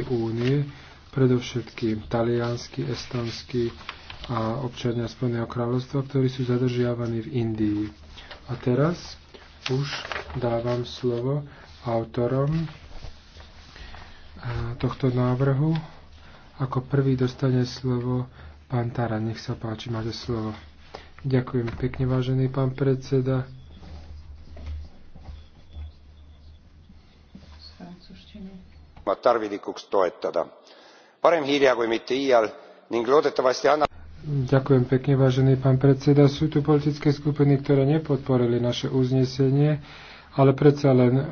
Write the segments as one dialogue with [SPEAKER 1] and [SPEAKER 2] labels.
[SPEAKER 1] únie, predovšetkým talianský, estonský a občania Spojeného kráľovstva, ktorí sú zadržiavaní v Indii. A teraz už dávam slovo autorom eh, tohto návrhu. Ako prvý dostane slovo pán Tara. Nech sa páči, máte slovo. Ďakujem pekne, vážený pán predseda. Francúzštiny tarvilikuks toetada. parem hilja kui mitte iial ning loodetavasti annab Ďakujem pekne, vážený pán predseda. Sú tu politické skupiny, ktoré nepodporili naše uznesenie, ale predsa len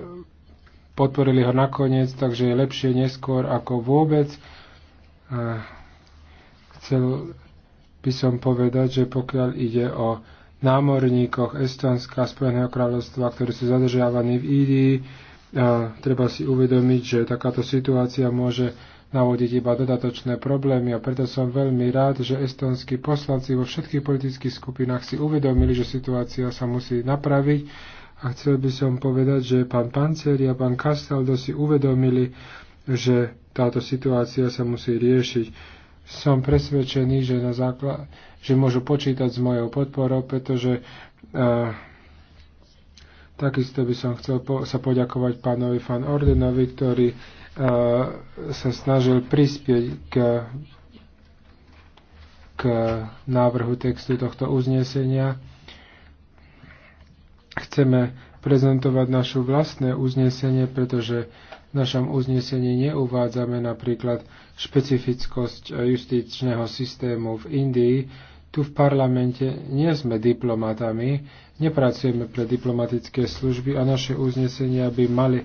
[SPEAKER 1] podporili ho nakoniec, takže je lepšie neskôr ako vôbec. Chcel by som povedať, že pokiaľ ide o námorníkoch Estonska a Spojeného kráľovstva, ktorí sú zadržiavaní v Ídii, a treba si uvedomiť, že takáto situácia môže navodiť iba dodatočné problémy a preto som veľmi rád, že estonskí poslanci vo všetkých politických skupinách si uvedomili, že situácia sa musí napraviť a chcel by som povedať, že pán Panceri a pán Castaldo si uvedomili, že táto situácia sa musí riešiť. Som presvedčený, že, na základ, že môžu počítať s mojou podporou, pretože uh, Takisto by som chcel po- sa poďakovať pánovi Fan Ordenovi, ktorý e, sa snažil prispieť k, k návrhu textu tohto uznesenia. Chceme prezentovať našu vlastné uznesenie, pretože v našom uznesení neuvádzame napríklad špecifickosť justičného systému v Indii, tu v parlamente nie sme diplomatami, nepracujeme pre diplomatické služby a naše uznesenia by mali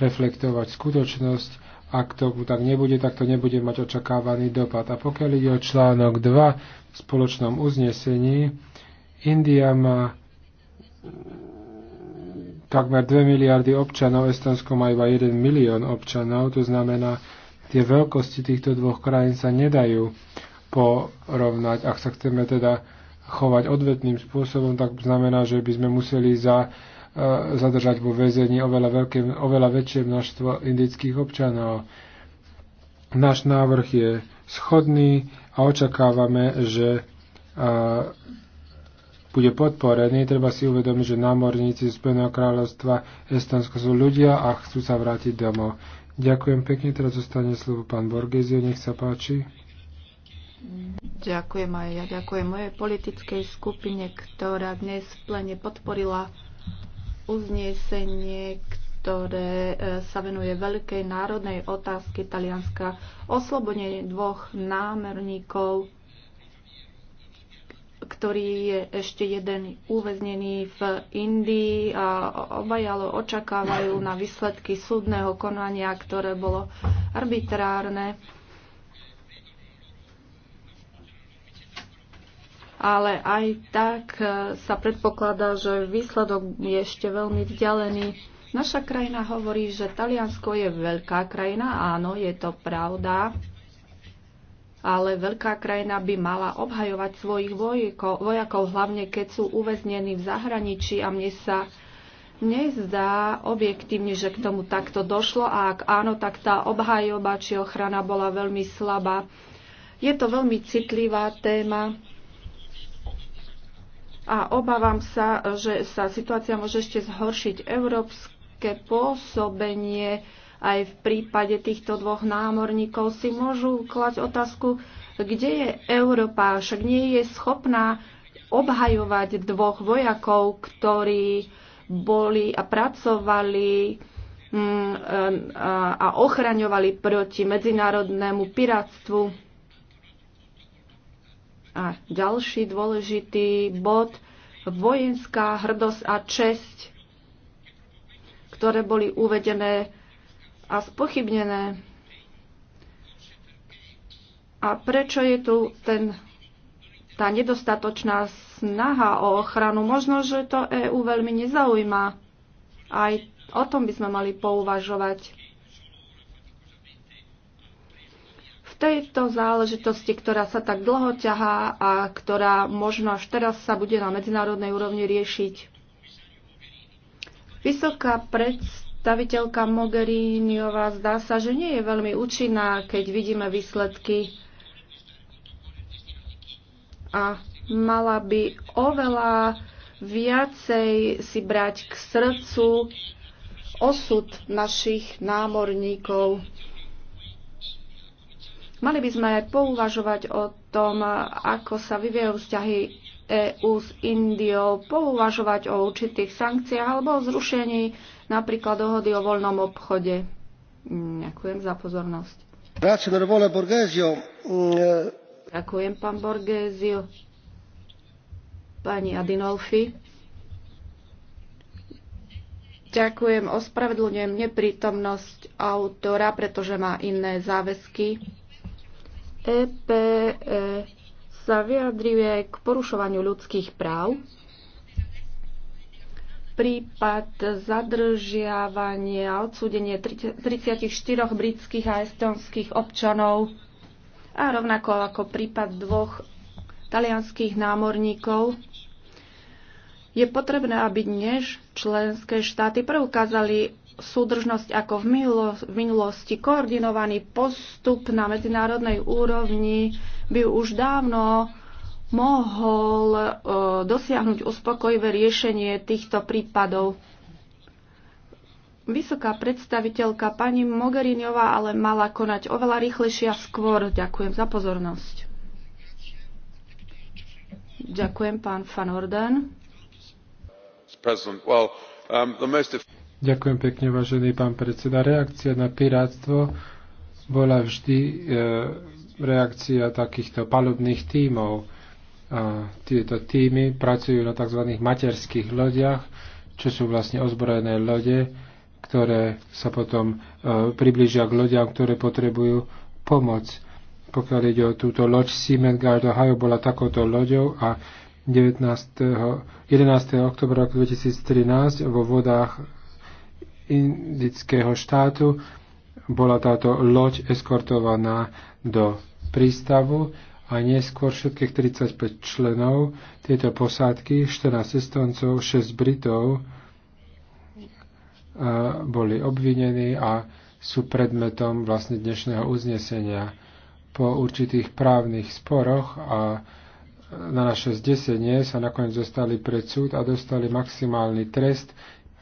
[SPEAKER 1] reflektovať skutočnosť. Ak to tak nebude, tak to nebude mať očakávaný dopad. A pokiaľ ide o článok 2 v spoločnom uznesení, India má takmer 2 miliardy občanov, Estonsko má iba 1 milión občanov, to znamená, tie veľkosti týchto dvoch krajín sa nedajú porovnať. Ak sa chceme teda chovať odvetným spôsobom, tak znamená, že by sme museli za, e, zadržať vo väzení oveľa, veľké, oveľa väčšie množstvo indických občanov. Náš návrh je schodný a očakávame, že e, bude podporený. Treba si uvedomiť, že námorníci Spojeného kráľovstva Estonsko sú ľudia a chcú sa vrátiť domov. Ďakujem pekne, teraz zostane slovo pán Borgesio, nech sa páči.
[SPEAKER 2] Ďakujem aj ja. Ďakujem mojej politickej skupine, ktorá dnes plne podporila uznesenie, ktoré e, sa venuje veľkej národnej otázky Talianska. Oslobodenie dvoch námerníkov, ktorý je ešte jeden uväznený v Indii a obaja ale očakávajú na výsledky súdneho konania, ktoré bolo arbitrárne ale aj tak e, sa predpokladá, že výsledok je ešte veľmi vzdialený. Naša krajina hovorí, že Taliansko je veľká krajina, áno, je to pravda, ale veľká krajina by mala obhajovať svojich vojakov, vojakov hlavne keď sú uväznení v zahraničí a mne sa nezdá objektívne, že k tomu takto došlo a ak áno, tak tá obhajoba či ochrana bola veľmi slabá. Je to veľmi citlivá téma a obávam sa, že sa situácia môže ešte zhoršiť. Európske pôsobenie aj v prípade týchto dvoch námorníkov si môžu klať otázku, kde je Európa, však nie je schopná obhajovať dvoch vojakov, ktorí boli a pracovali mm, a ochraňovali proti medzinárodnému piráctvu. A ďalší dôležitý bod, vojenská hrdosť a česť, ktoré boli uvedené a spochybnené. A prečo je tu ten, tá nedostatočná snaha o ochranu? Možno, že to EÚ veľmi nezaujíma. Aj o tom by sme mali pouvažovať. tejto záležitosti, ktorá sa tak dlho ťahá a ktorá možno až teraz sa bude na medzinárodnej úrovni riešiť. Vysoká predstaviteľka Mogheriniová zdá sa, že nie je veľmi účinná, keď vidíme výsledky a mala by oveľa viacej si brať k srdcu osud našich námorníkov. Mali by sme pouvažovať o tom, ako sa vyvíjajú vzťahy EÚ s Indiou, pouvažovať o určitých sankciách alebo o zrušení napríklad dohody o voľnom obchode. Ďakujem za pozornosť. Ďakujem, pán Borgesio. Pani Adinolfi. Ďakujem, ospravedlňujem neprítomnosť autora, pretože má iné záväzky. EP e, sa vyjadruje k porušovaniu ľudských práv. Prípad zadržiavania a odsúdenie 34 britských a estonských občanov a rovnako ako prípad dvoch talianských námorníkov je potrebné, aby dnes členské štáty preukázali súdržnosť ako v minulosti. Koordinovaný postup na medzinárodnej úrovni by už dávno mohol e, dosiahnuť uspokojivé riešenie týchto prípadov. Vysoká predstaviteľka pani Mogheriniová ale mala konať oveľa rýchlejšie a skôr. Ďakujem za pozornosť. Ďakujem, pán Van Orden.
[SPEAKER 1] Ďakujem pekne, vážený pán predseda. Reakcia na pirátstvo bola vždy e, reakcia takýchto palubných tímov. A tieto týmy pracujú na tzv. materských lodiach, čo sú vlastne ozbrojené lode, ktoré sa potom e, približia k lodiam, ktoré potrebujú pomoc. Pokiaľ ide o túto loď Siemengard Ohio, bola takouto loďou a 19. 11. oktobra 2013 vo vodách indického štátu bola táto loď eskortovaná do prístavu a neskôr všetkých 35 členov tejto posádky, 14 estoncov, 6 Britov boli obvinení a sú predmetom vlastne dnešného uznesenia. Po určitých právnych sporoch a na naše zdesenie sa nakoniec dostali pred súd a dostali maximálny trest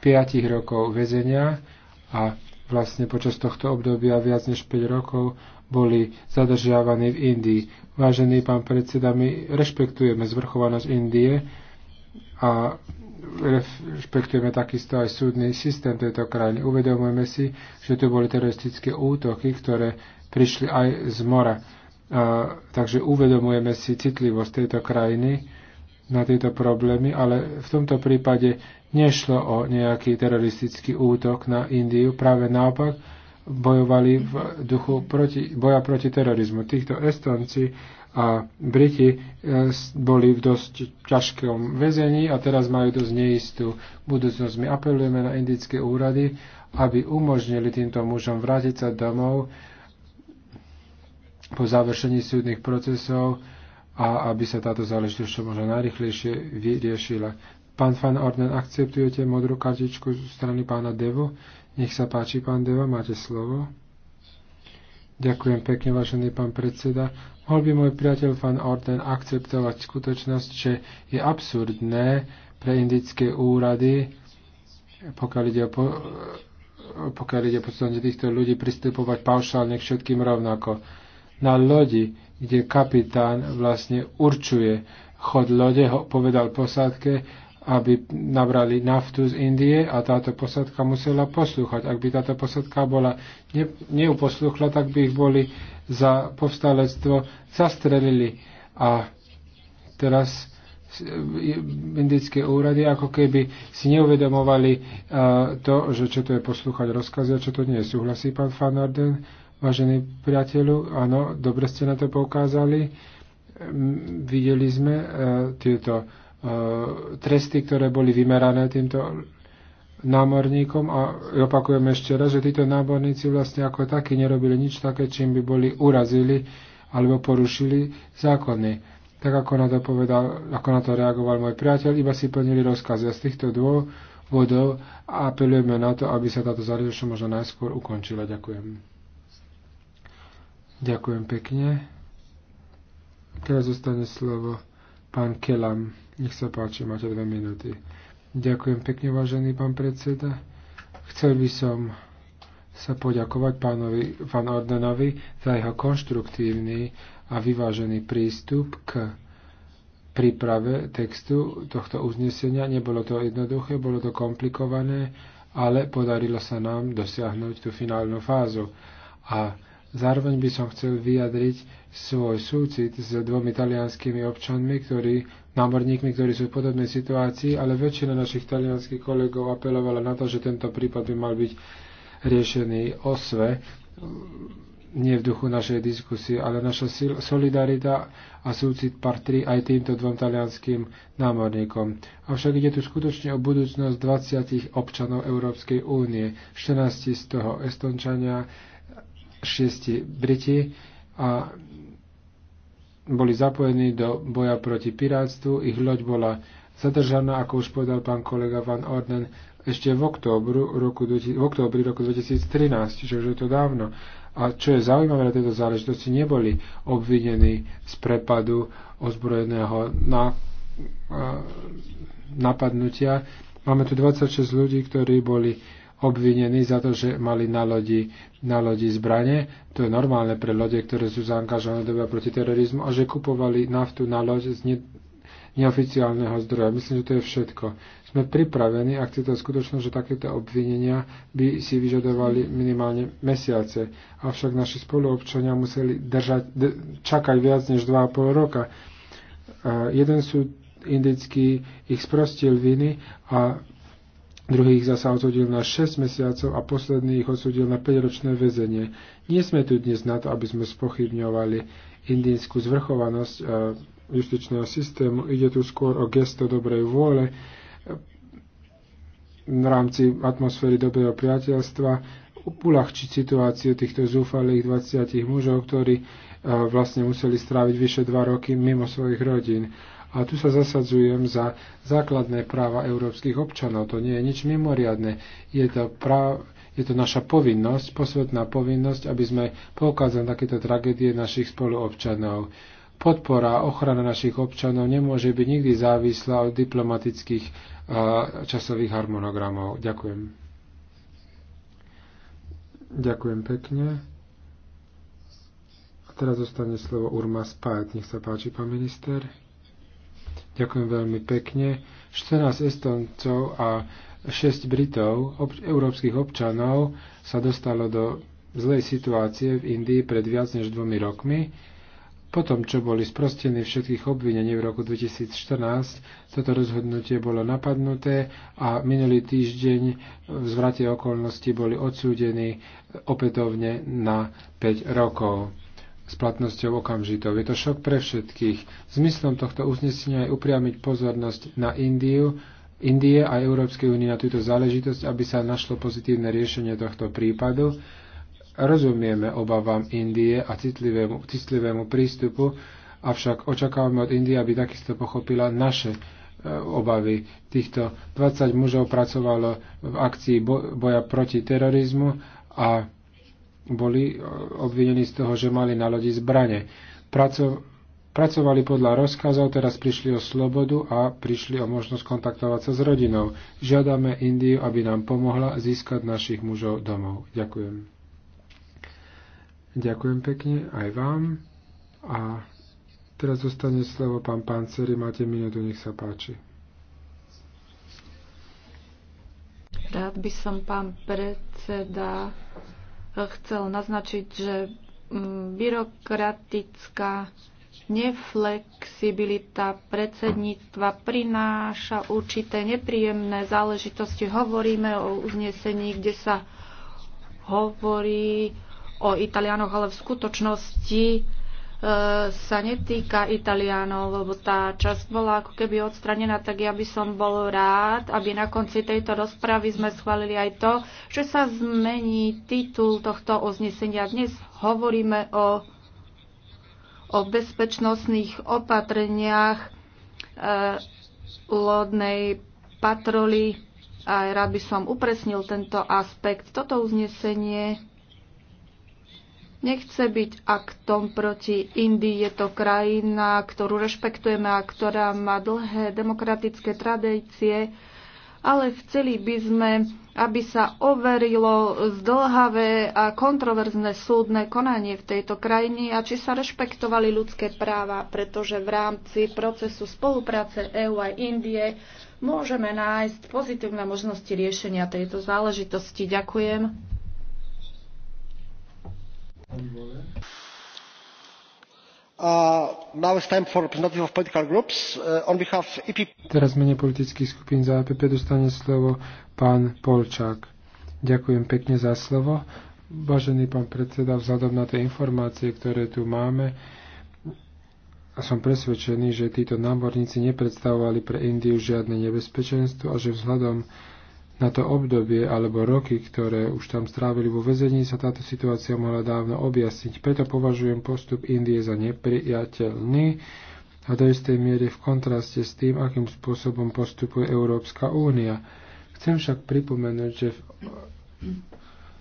[SPEAKER 1] 5 rokov väzenia a vlastne počas tohto obdobia viac než 5 rokov boli zadržiavaní v Indii. Vážený pán predseda, my rešpektujeme zvrchovanosť Indie a rešpektujeme takisto aj súdny systém tejto krajiny. Uvedomujeme si, že tu boli teroristické útoky, ktoré prišli aj z mora. A, takže uvedomujeme si citlivosť tejto krajiny na tieto problémy, ale v tomto prípade nešlo o nejaký teroristický útok na Indiu, práve naopak bojovali v duchu proti, boja proti terorizmu. Týchto Estonci a Briti e, boli v dosť ťažkom väzení a teraz majú dosť neistú budúcnosť. My apelujeme na indické úrady, aby umožnili týmto mužom vrátiť sa domov po završení súdnych procesov, a aby sa táto záležitosť čo možno najrychlejšie vyriešila. Pán Fan Orden, akceptujete modrú kartičku zo strany pána Devo? Nech sa páči, pán Devo, máte slovo. Ďakujem pekne, vážený pán predseda. Mohol by môj priateľ fan Orden akceptovať skutočnosť, že je absurdné pre indické úrady, pokiaľ ide o po, pokiaľ ide o týchto ľudí, pristupovať paušálne k všetkým rovnako na lodi, kde kapitán vlastne určuje chod lode, ho povedal posádke, aby nabrali naftu z Indie a táto posádka musela poslúchať. Ak by táto posádka bola ne, neuposluchla, tak by ich boli za povstalectvo zastrelili. A teraz indické úrady ako keby si neuvedomovali uh, to, že čo to je poslúchať rozkazy a čo to nie súhlasí pán Van Orden. Vážení priateľu, áno, dobre ste na to poukázali. Mm, videli sme uh, tieto uh, tresty, ktoré boli vymerané týmto námorníkom a opakujem ešte raz, že títo námorníci vlastne ako takí nerobili nič také, čím by boli urazili alebo porušili zákony. Tak ako na to, povedal, ako na to reagoval môj priateľ, iba si plnili rozkazy. Z týchto dvoch vodov a apelujeme na to, aby sa táto záležitosť možno najskôr ukončila. Ďakujem. Ďakujem pekne. Teraz zostane slovo pán Kelam. Nech sa páči, máte dve minúty. Ďakujem pekne, vážený pán predseda. Chcel by som sa poďakovať pánovi Van Ordenovi za jeho konštruktívny a vyvážený prístup k príprave textu tohto uznesenia. Nebolo to jednoduché, bolo to komplikované, ale podarilo sa nám dosiahnuť tú finálnu fázu. A Zároveň by som chcel vyjadriť svoj súcit s dvomi talianskými občanmi, ktorí, námorníkmi, ktorí sú v podobnej situácii, ale väčšina našich talianských kolegov apelovala na to, že tento prípad by mal byť riešený sve, nie v duchu našej diskusie, ale naša solidarita a súcit patrí aj týmto dvom talianským námorníkom. Avšak ide tu skutočne o budúcnosť 20 občanov Európskej únie, 14 z toho Estončania, šiesti Briti a boli zapojení do boja proti pirátstvu. Ich loď bola zadržaná, ako už povedal pán kolega Van Orden, ešte v, októbru roku, v roku 2013, čiže už je to dávno. A čo je zaujímavé na tejto záležitosti, neboli obvinení z prepadu ozbrojeného na, napadnutia. Máme tu 26 ľudí, ktorí boli obvinení za to, že mali na lodi, na lodi zbranie. To je normálne pre lode, ktoré sú zaangažované do boja proti terorizmu a že kupovali naftu na loď z ne, neoficiálneho zdroja. Myslím, že to je všetko. Sme pripravení, ak to skutočno, že takéto obvinenia by si vyžadovali minimálne mesiace. Avšak naši spoluobčania museli držať, d- čakať viac než 2,5 roka. Uh, jeden sú indický ich sprostil viny a Druhých zasa odsudil na 6 mesiacov a posledný ich odsudil na 5-ročné väzenie. Nie sme tu dnes na to, aby sme spochybňovali indínsku zvrchovanosť eh, justičného systému. Ide tu skôr o gesto dobrej vôle eh, v rámci atmosféry dobrého priateľstva uľahčiť situáciu týchto zúfalých 20 mužov, ktorí eh, vlastne museli stráviť vyše 2 roky mimo svojich rodín. A tu sa zasadzujem za základné práva európskych občanov. To nie je nič mimoriadne. Je to, práv, je to naša povinnosť, posvetná povinnosť, aby sme poukázali takéto tragédie našich spoluobčanov. Podpora, ochrana našich občanov nemôže byť nikdy závislá od diplomatických časových harmonogramov. Ďakujem. Ďakujem pekne. A teraz zostane slovo Urma Spajt. Nech sa páči, pán minister. Ďakujem veľmi pekne. 14 Estoncov a 6 Britov, ob, európskych občanov, sa dostalo do zlej situácie v Indii pred viac než dvomi rokmi. Potom, čo boli sprostení všetkých obvinení v roku 2014, toto rozhodnutie bolo napadnuté a minulý týždeň v zvrate okolnosti boli odsúdení opätovne na 5 rokov s platnosťou okamžitou. Je to šok pre všetkých. Zmyslom tohto uznesenia je upriamiť pozornosť na Indiu, Indie a Európskej únie na túto záležitosť, aby sa našlo pozitívne riešenie tohto prípadu. Rozumieme obavám Indie a citlivému, citlivému prístupu, avšak očakávame od Indie, aby takisto pochopila naše e, obavy. Týchto 20 mužov pracovalo v akcii boja proti terorizmu a boli e, obvinení z toho, že mali na lodi zbrane. Praco, pracovali podľa rozkazov, teraz prišli o slobodu a prišli o možnosť kontaktovať sa s rodinou. Žiadame Indiu, aby nám pomohla získať našich mužov domov. Ďakujem. Ďakujem pekne aj vám. A teraz zostane slovo pán Panceri. Máte minútu, nech sa páči.
[SPEAKER 2] Rád by som, pán predseda, chcel naznačiť, že mm, byrokratická neflexibilita predsedníctva prináša určité nepríjemné záležitosti. Hovoríme o uznesení, kde sa hovorí o Italianoch, ale v skutočnosti E, sa netýka Italianov, lebo tá časť bola ako keby odstranená, tak ja by som bol rád, aby na konci tejto rozpravy sme schválili aj to, že sa zmení titul tohto uznesenia. Dnes hovoríme o, o bezpečnostných opatreniach e, lodnej patroly a rád by som upresnil tento aspekt. Toto uznesenie nechce byť aktom proti Indii. Je to krajina, ktorú rešpektujeme a ktorá má dlhé demokratické tradície, ale chceli by sme, aby sa overilo zdlhavé a kontroverzné súdne konanie v tejto krajine a či sa rešpektovali ľudské práva, pretože v rámci procesu spolupráce EU a Indie môžeme nájsť pozitívne možnosti riešenia tejto záležitosti. Ďakujem.
[SPEAKER 1] Uh, uh, e Teraz v mene politických skupín za APP e dostane slovo pán Polčák. Ďakujem pekne za slovo. Vážený pán predseda, vzhľadom na tie informácie, ktoré tu máme, a som presvedčený, že títo námorníci nepredstavovali pre Indiu žiadne nebezpečenstvo a že vzhľadom na to obdobie alebo roky, ktoré už tam strávili vo vezení, sa táto situácia mohla dávno objasniť. Preto považujem postup Indie za nepriateľný a do istej miery v kontraste s tým, akým spôsobom postupuje Európska únia. Chcem však pripomenúť, že v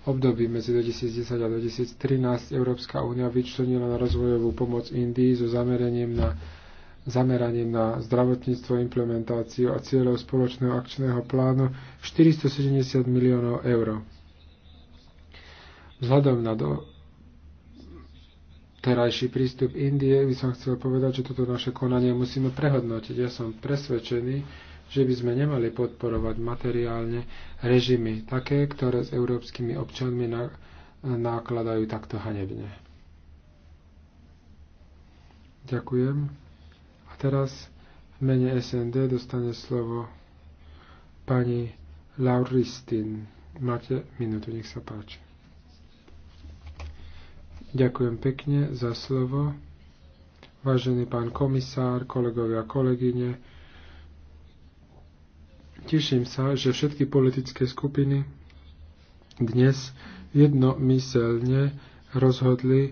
[SPEAKER 1] období medzi 2010 a 2013 Európska únia vyčlenila na rozvojovú pomoc Indii so zameraním na zameraním na zdravotníctvo, implementáciu a cieľov spoločného akčného plánu 470 miliónov eur. Vzhľadom na do terajší prístup Indie by som chcel povedať, že toto naše konanie musíme prehodnotiť. Ja som presvedčený, že by sme nemali podporovať materiálne režimy také, ktoré s európskymi občanmi nákladajú takto hanebne. Ďakujem. Teraz v mene SND dostane slovo pani Lauristin. Máte minútu, nech sa páči. Ďakujem pekne za slovo. Vážený pán komisár, kolegovia a kolegyne, teším sa, že všetky politické skupiny dnes jednomyselne rozhodli,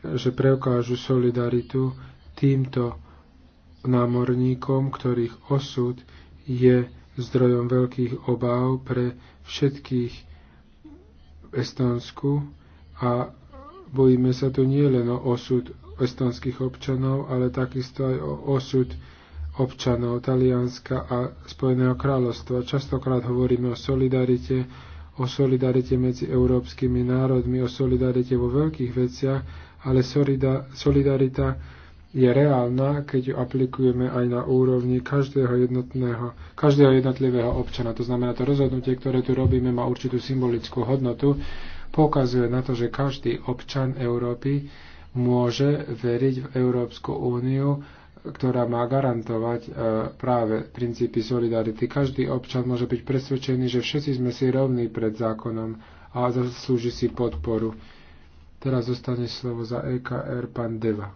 [SPEAKER 1] že preukážu solidaritu týmto námorníkom, ktorých osud je zdrojom veľkých obáv pre všetkých v Estonsku a bojíme sa tu nielen o osud estonských občanov, ale takisto aj o osud občanov Talianska a Spojeného kráľovstva. Častokrát hovoríme o solidarite, o solidarite medzi európskymi národmi, o solidarite vo veľkých veciach, ale solidarita je reálna, keď ju aplikujeme aj na úrovni každého, jednotného, každého jednotlivého občana. To znamená, to rozhodnutie, ktoré tu robíme, má určitú symbolickú hodnotu. pokazuje na to, že každý občan Európy môže veriť v Európsku úniu, ktorá má garantovať e, práve princípy solidarity. Každý občan môže byť presvedčený, že všetci sme si rovní pred zákonom a zaslúži si podporu. Teraz zostane slovo za EKR pán Deva.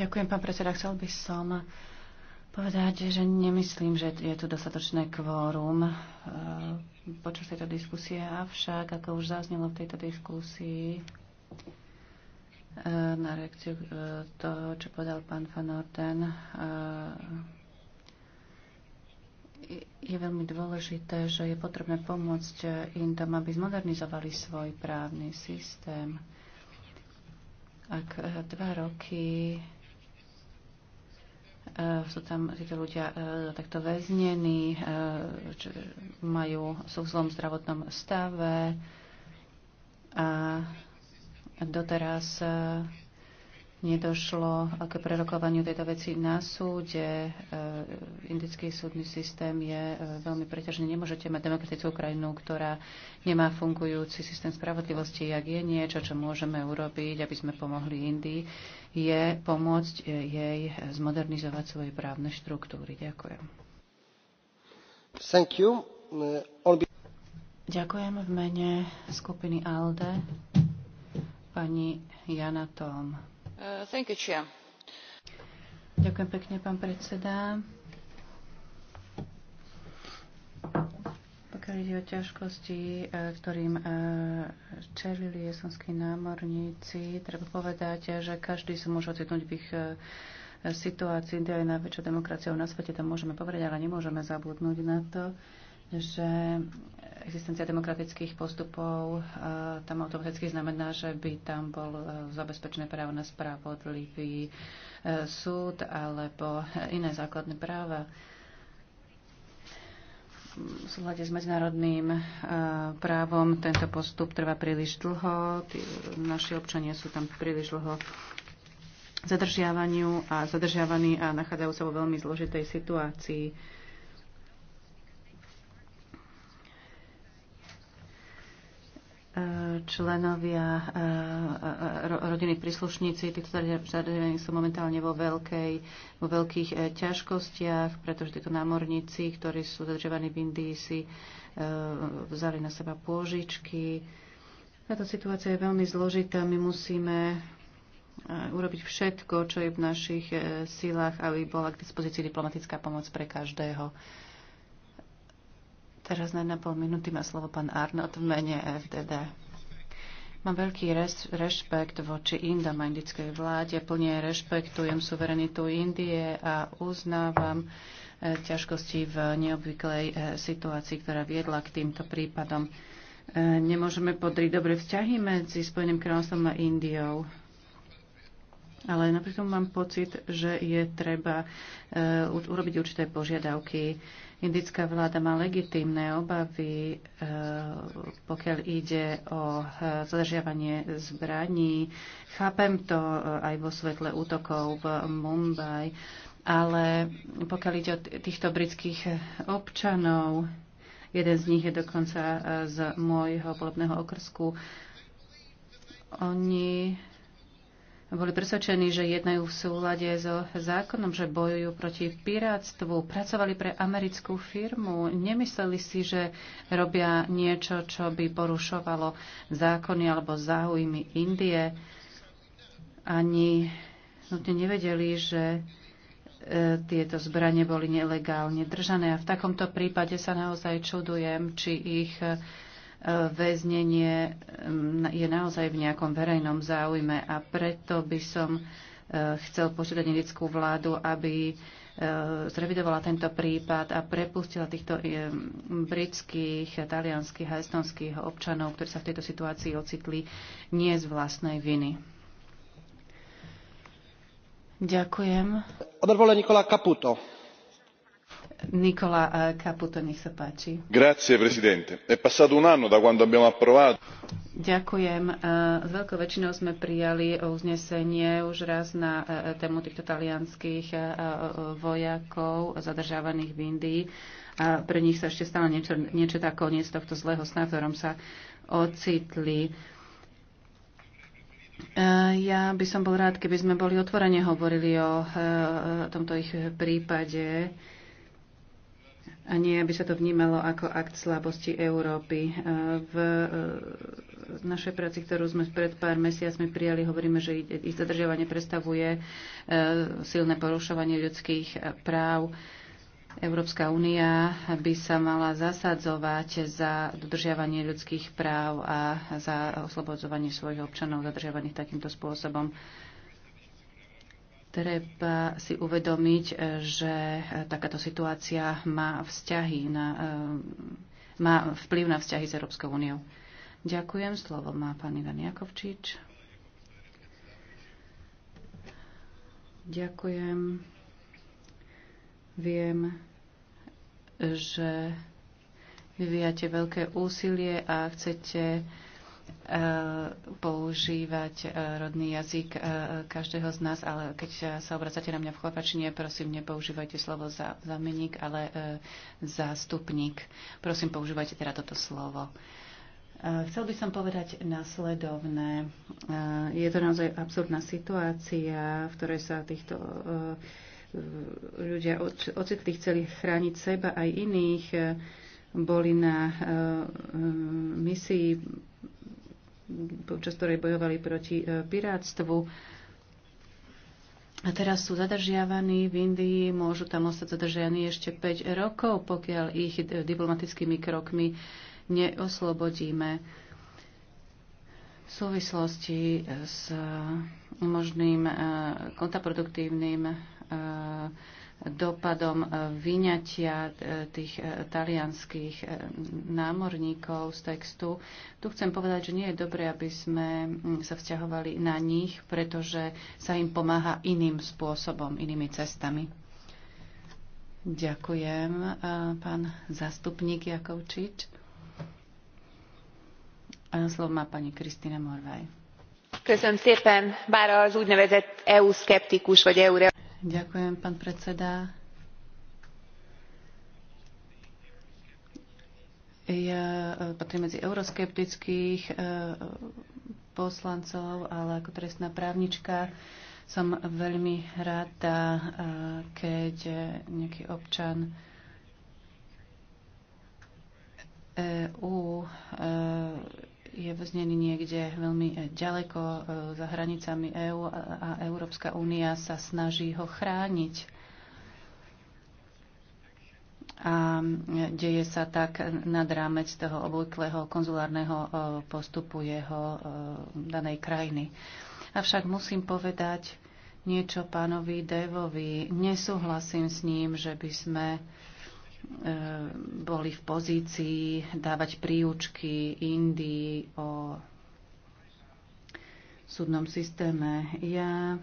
[SPEAKER 3] Ďakujem, pán predseda. Chcel by som povedať, že nemyslím, že je tu dostatočné kvórum eh, počas tejto diskusie, avšak, ako už zaznelo v tejto diskusii, eh, na reakciu eh, toho, čo povedal pán Van Orden, je veľmi dôležité, že je potrebné pomôcť tam, aby zmodernizovali svoj právny systém. Ak dva roky Eh, sú tam títo ľudia eh, takto väznení, eh, majú, sú v zlom zdravotnom stave a doteraz nedošlo k prerokovaniu tejto veci na súde. E, indický súdny systém je e, veľmi preťažený. Nemôžete mať demokratickú krajinu, ktorá nemá fungujúci systém spravodlivosti. Ak je niečo, čo môžeme urobiť, aby sme pomohli Indii, je pomôcť e, jej zmodernizovať svoje právne štruktúry. Ďakujem. Thank you. Ďakujem v mene skupiny ALDE pani Jana Tom. Uh, Ďakujem pekne, pán predseda. Pokiaľ ide o ťažkosti, eh, ktorým eh, čelili jesonskí námorníci, treba povedať, že každý sa môže ocitnúť v ich eh, situácii, kde je najväčšia demokracia na svete, to môžeme povedať, ale nemôžeme zabudnúť na to, že existencia demokratických postupov e, tam automaticky znamená, že by tam bol e, zabezpečené právo na spravodlivý e, súd alebo iné základné práva v súhľade s medzinárodným právom tento postup trvá príliš dlho. naši občania sú tam príliš dlho zadržiavaniu a zadržiavaní a nachádzajú sa vo veľmi zložitej situácii. členovia, e, e, e, rodiny príslušníci týchto zariadení sú momentálne vo, veľkej, vo veľkých ťažkostiach, pretože títo námorníci, ktorí sú zadržovaní v Indii, si vzali na seba pôžičky. Táto situácia je veľmi zložitá. My musíme urobiť všetko, čo je v našich silách, aby bola k dispozícii diplomatická pomoc pre každého. Teraz na pol minúty má slovo pán Arnold v mene FDD. Mám veľký res, rešpekt voči Indom a indickej vláde. Plne rešpektujem suverenitu Indie a uznávam e, ťažkosti v neobvyklej e, situácii, ktorá viedla k týmto prípadom. E, nemôžeme podriť dobre vzťahy medzi Spojeným kráľovstvom a Indiou. Ale napríklad mám pocit, že je treba eh, urobiť určité požiadavky. Indická vláda má legitímne obavy, eh, pokiaľ ide o eh, zadržiavanie zbraní. Chápem to aj vo svetle útokov v Mumbai, ale pokiaľ ide o týchto britských občanov, jeden z nich je dokonca z môjho volebného okrsku, oni boli presvedčení, že jednajú v súlade so zákonom, že bojujú proti pirátstvu, pracovali pre americkú firmu, nemysleli si, že robia niečo, čo by porušovalo zákony alebo záujmy Indie. Ani nutne nevedeli, že e, tieto zbranie boli nelegálne držané. A v takomto prípade sa naozaj čudujem, či ich väznenie mm, je naozaj v nejakom verejnom záujme a preto by som e, chcel požiadať indickú vládu, aby e, zrevidovala tento prípad a prepustila týchto e, britských, talianských a estonských občanov, ktorí sa v tejto situácii ocitli nie z vlastnej viny. Ďakujem.
[SPEAKER 2] Honorable Nikola Caputo.
[SPEAKER 3] Nikola eh, Ďakujem. Eh, s veľkou väčšinou sme prijali uznesenie už raz na eh, tému týchto talianských vojakov zadržávaných v Indii. A pre nich sa ešte stále niečo, niečo tak koniec tohto zlého sna, v ktorom sa ocitli. Ja by som bol rád, keby sme boli otvorene hovorili o tomto ich prípade a nie aby sa to vnímalo ako akt slabosti Európy. E, e, v našej práci, ktorú sme pred pár mesiacmi prijali, hovoríme, že ich zadržiavanie predstavuje e, silné porušovanie ľudských práv. Európska únia by sa mala zasadzovať za dodržiavanie ľudských práv a za oslobodzovanie svojich občanov zadržiavaných takýmto spôsobom. Treba si uvedomiť, že takáto situácia má, vzťahy na, eh, má vplyv na vzťahy s Európskou úniou. Ďakujem. Slovo má pán Ivan Jakovčič. Ďakujem. Viem, že vyvíjate veľké úsilie a chcete Eh, používať eh, rodný jazyk eh, každého z nás, ale keď sa obracate na mňa v chlapačine, prosím, nepoužívajte slovo za, zameník, ale zástupník. Prosím, používajte teda toto slovo. Chcel by som povedať nasledovné. Je to naozaj absurdná situácia, v ktorej sa týchto ľudia ocitli, chceli chrániť seba aj iných, boli na misii počas ktorej bojovali proti e, pirátstvu. A teraz sú zadržiavaní v Indii, môžu tam ostať zadržiavaní ešte 5 rokov, pokiaľ ich e, diplomatickými krokmi neoslobodíme. V súvislosti e, s možným kontraproduktívnym dopadom e, vyňatia e, tých e, talianských námorníkov z textu. Tu chcem povedať, že nie je dobré, aby sme mm, sa vzťahovali na nich, pretože sa im pomáha iným spôsobom, inými cestami. Ďakujem, pán zastupník Jakovčič. Slovo má pani Kristina Morvaj. Köszönöm szépen, bár az úgynevezett EU szkeptikus vagy EU Ďakujem, pán predseda. Ja e, patrím medzi euroskeptických e, poslancov, ale ako trestná právnička som veľmi rada, e, keď nejaký občan EU je vznený niekde veľmi e, ďaleko e, za hranicami EÚ EU a Európska únia sa snaží ho chrániť. A e, deje sa tak nad rámec toho obvyklého konzulárneho postupu jeho danej krajiny. Avšak musím povedať niečo pánovi Devovi. Nesúhlasím s ním, že by sme boli v pozícii dávať príučky Indii o súdnom systéme. Ja eh,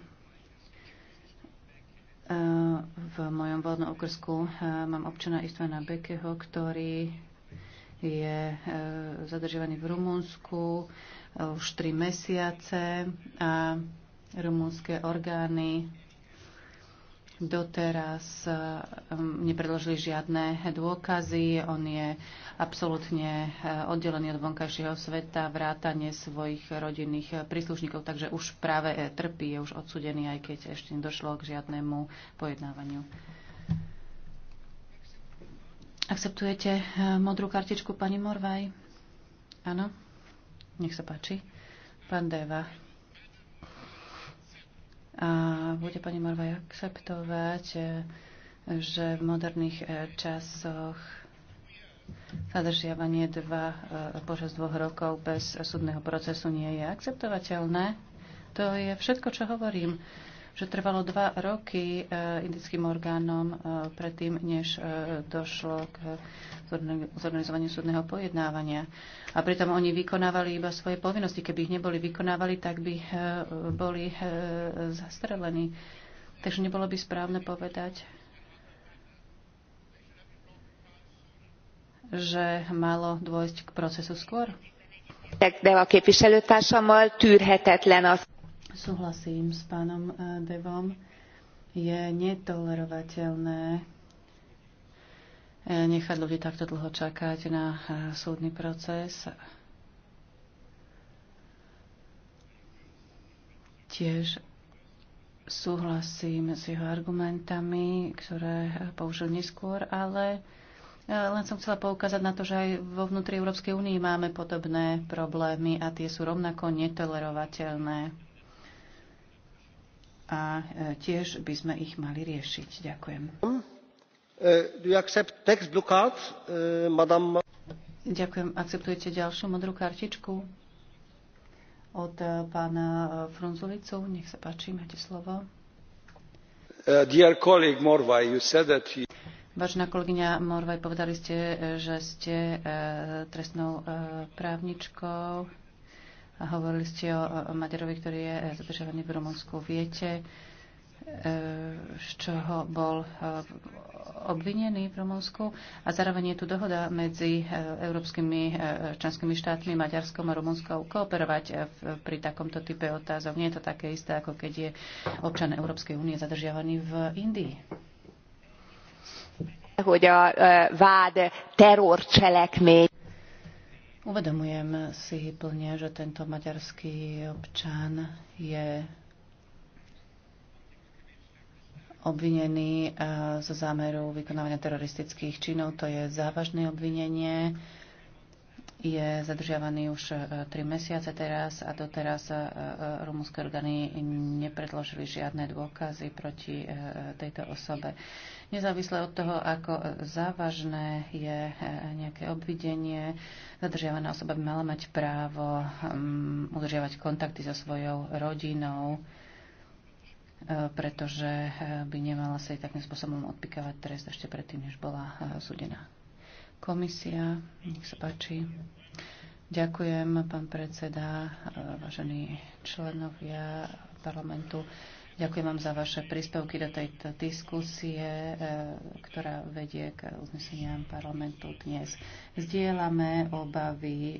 [SPEAKER 3] v mojom voľnom okrsku eh, mám občana Istvana Bekeho, ktorý je eh, zadržovaný v Rumunsku už 3 mesiace a rumunské orgány Doteraz eh, nepredložili žiadne dôkazy. On je absolútne eh, oddelený od vonkajšieho sveta, vrátanie svojich rodinných príslušníkov, takže už práve eh, trpí, je už odsudený, aj keď ešte nedošlo k žiadnemu pojednávaniu. Akceptujete modrú kartičku pani Morvaj? Áno? Nech sa páči. Pán Deva. A bude pani Morvaj akceptovať, e, že v moderných e, časoch zadržiavanie dva, e, počas dvoch rokov bez súdneho procesu nie je akceptovateľné. To je všetko, čo hovorím že trvalo dva roky e, indickým orgánom e, predtým, než e, došlo k zorganizovaniu súdneho pojednávania. A pritom oni vykonávali iba svoje povinnosti. Keby ich neboli vykonávali, tak by boli zastrelení. Takže nebolo by správne povedať, že malo dôjsť k procesu skôr? képviselőtársammal tűrhetetlen az. Súhlasím s pánom e, Devom. Je netolerovateľné e, nechať ľudí takto dlho čakať na e, súdny proces. Tiež súhlasím s jeho argumentami, ktoré použil neskôr, ale len som chcela poukázať na to, že aj vo vnútri Európskej únii máme podobné problémy a tie sú rovnako netolerovateľné a e, tiež by sme ich mali riešiť. Ďakujem.
[SPEAKER 1] E, e,
[SPEAKER 3] Ďakujem. Akceptujete ďalšiu modrú kartičku od pána Frunzulicu? Nech sa páči, máte slovo. Vážená kolegyňa Morvaj, povedali ste, že ste trestnou právničkou. A Hovorili ste o, o Maďarovi, ktorý je e, zadržovaný v Rumunsku. Viete, e, z čoho bol e, obvinený v Rumunsku a zároveň je tu dohoda medzi európskymi členskými štátmi, Maďarskom a Rumunskou kooperovať pri takomto type otázok. Nie je to také isté, ako keď je občan Európskej únie zadržiavaný v Indii.
[SPEAKER 2] hogy a vád terrorcselekmény
[SPEAKER 3] Uvedomujem si plne, že tento maďarský občan je obvinený eh, z zámeru vykonávania teroristických činov. To je závažné obvinenie je zadržiavaný už e, tri mesiace teraz a doteraz e, e, rumúnske orgány nepredložili žiadne dôkazy proti tejto osobe. Nezávisle od toho, ako závažné je nejaké obvidenie, zadržiavaná osoba by mala mať právo mm, udržiavať kontakty so svojou rodinou, pretože by nemala sa aj takým spôsobom odpikávať trest ešte predtým, než bola súdená komisia. Nech sa páči. Ďakujem, pán predseda, vážení členovia parlamentu. Ďakujem vám za vaše príspevky do tejto diskusie, eh, ktorá vedie k uzneseniam parlamentu dnes. Zdieľame obavy, eh,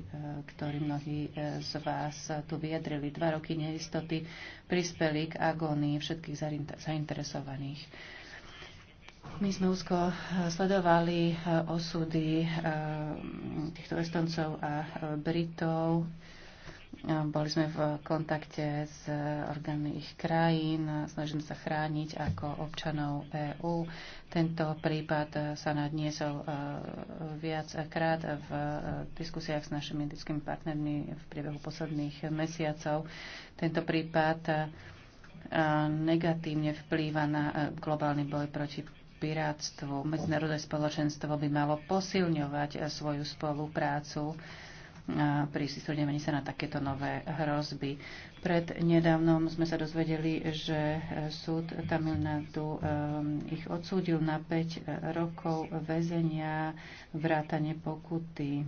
[SPEAKER 3] ktoré mnohí eh, z vás tu vyjadrili. Dva roky neistoty prispeli k agónii všetkých zainteresovaných. My sme úzko eh, sledovali eh, osudy eh, týchto Estoncov a Britov. Boli sme v kontakte s orgánmi ich krajín, snažíme sa chrániť ako občanov EÚ. Tento prípad sa nadniesol viackrát v diskusiách s našimi indickými partnermi v priebehu posledných mesiacov. Tento prípad negatívne vplýva na globálny boj proti pirátstvu. Medzinárodné spoločenstvo by malo posilňovať svoju spoluprácu pri sústredení sa na takéto nové hrozby. Pred nedávnom sme sa dozvedeli, že súd Tamil Nadu um, ich odsúdil na 5 rokov väzenia vrátane pokuty.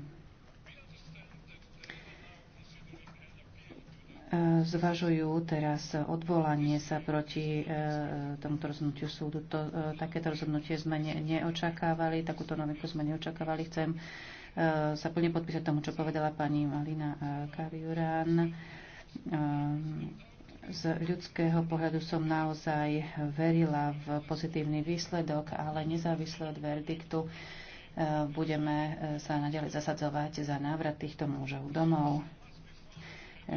[SPEAKER 3] zvažujú teraz odvolanie sa proti e, tomuto rozhodnutiu súdu. To, e, takéto rozhodnutie sme ne, neočakávali, takúto novinku sme neočakávali. Chcem e, sa plne podpísať tomu, čo povedala pani Malina Kaviurán. Z ľudského pohľadu som naozaj verila v pozitívny výsledok, ale nezávisle od verdiktu budeme sa naďalej zasadzovať za návrat týchto mužov domov.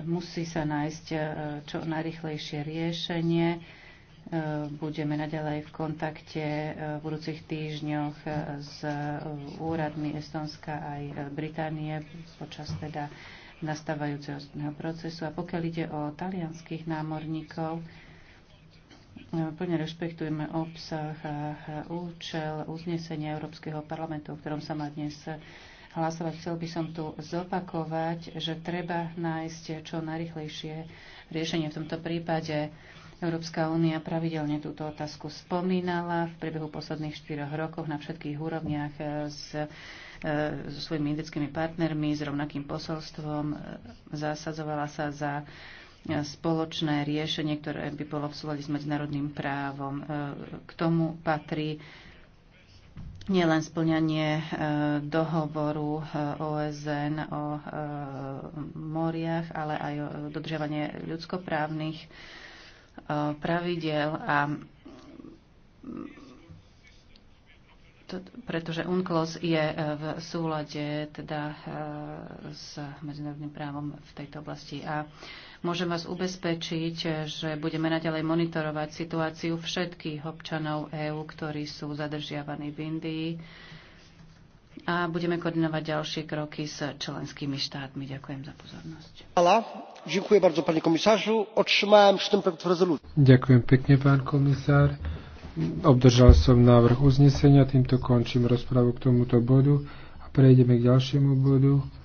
[SPEAKER 3] Musí sa nájsť e, čo najrychlejšie riešenie. E, budeme naďalej v kontakte e, v budúcich týždňoch s úradmi Estonska aj Británie počas teda nastávajúceho procesu. A pokiaľ ide o talianských námorníkov, plne rešpektujeme obsah a účel uznesenia Európskeho parlamentu, o ktorom sa má dnes hlasovať. Chcel by som tu zopakovať, že treba nájsť čo najrychlejšie riešenie. V tomto prípade Európska únia pravidelne túto otázku spomínala v priebehu posledných štyroch rokov na všetkých úrovniach e, s, e, so svojimi indickými partnermi, s rovnakým posolstvom. E, Zasadzovala sa za spoločné riešenie, ktoré by bolo v súlade s medzinárodným právom. K tomu patrí nielen splňanie e, dohovoru OSN e, o e, moriach, ale aj o dodržiavanie ľudskoprávnych pravidel a pretože UNCLOS je v súlade teda s medzinárodným právom v tejto oblasti. A Môžem vás ubezpečiť, že budeme naďalej monitorovať situáciu všetkých občanov EÚ, ktorí sú zadržiavaní v Indii a budeme koordinovať ďalšie kroky s členskými štátmi. Ďakujem za pozornosť.
[SPEAKER 2] Ďakujem bardzo, pani komisarzu. Otrzymałem przy rezolucji.
[SPEAKER 1] Ďakujem pekne, pán komisár. Obdržal som návrh uznesenia, týmto končím rozpravu k tomuto bodu a prejdeme k ďalšiemu bodu.